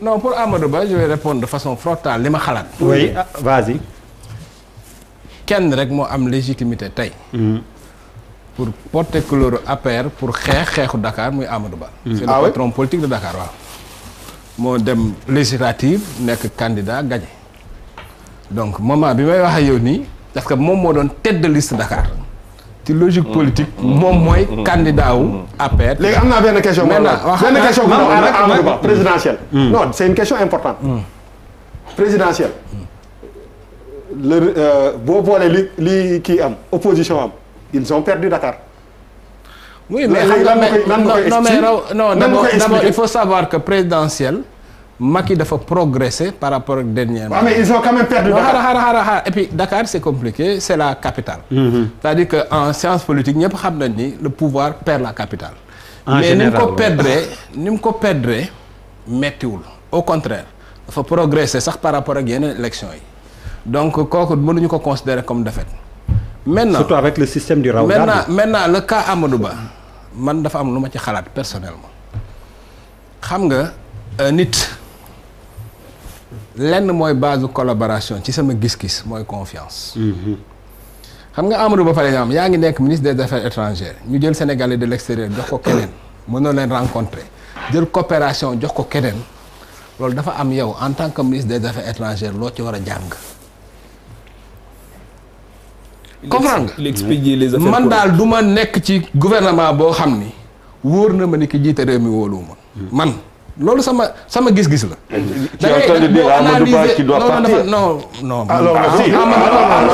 non pour Amadou Ba je vais répondre de façon frontale à l'émachalat. oui ah, vas-y. kenn rek moo am légitimité hmm. pour porter couleur à pair pour faire le Dakar Moi Amadou Ba. Hmm. c'est le ah patron politique de Dakar Le législatif, dem législative que candidat gagné donc moment bi may wax yow parce que je suis tête de liste de Dakar logique politique. mon moi candidat ou à perdre les naa une question. maintenant hmm. hmm. non c'est une question importante. Hmm. présidentielle. le euh, beau boolee li opposition ils ont perdu Dakar. oui mais non il faut savoir que présidentielle. Maki dafa progresser par rapport à dernière. Ah mais ils ont quand même perdu. Dakar et puis Dakar c'est compliqué c'est la capitale. Mhm. c'est-à-dire que en science politique ñëpp xam nañ ni le pouvoir perd la capitale. en mais général mais ni mu ko perdree ne mu ko au contraire faut progresser sax par rapport à l'élection. élections donc kooku mënuñu ko considérer comme défaite. maintenant surtout avec le système du raw maintenant maintenant le cas Amadouba, Ba man dafa am en ma ci xalaat personnellement xam nga euh, nit lenn mooy base de collaboration ci sama gis-gis mooy confiance. xam nga Amadou Ba par yaa ngi nekk ministre des affaires étrangères ñu jël sénégalais de l'extérieur jox ko keneen mënoo leen rencontrer jël coopération jox ko keneen loolu dafa am yow en tant que ministre des affaires étrangères loo ci war a jàng. les nga man daal du ma nekk ci gouvernement boo xam ni wóor na ma ni ki jiite réew mi man. loolu sama sama gis-gis la. da ngay da ngay analyser non non non. alors ah, si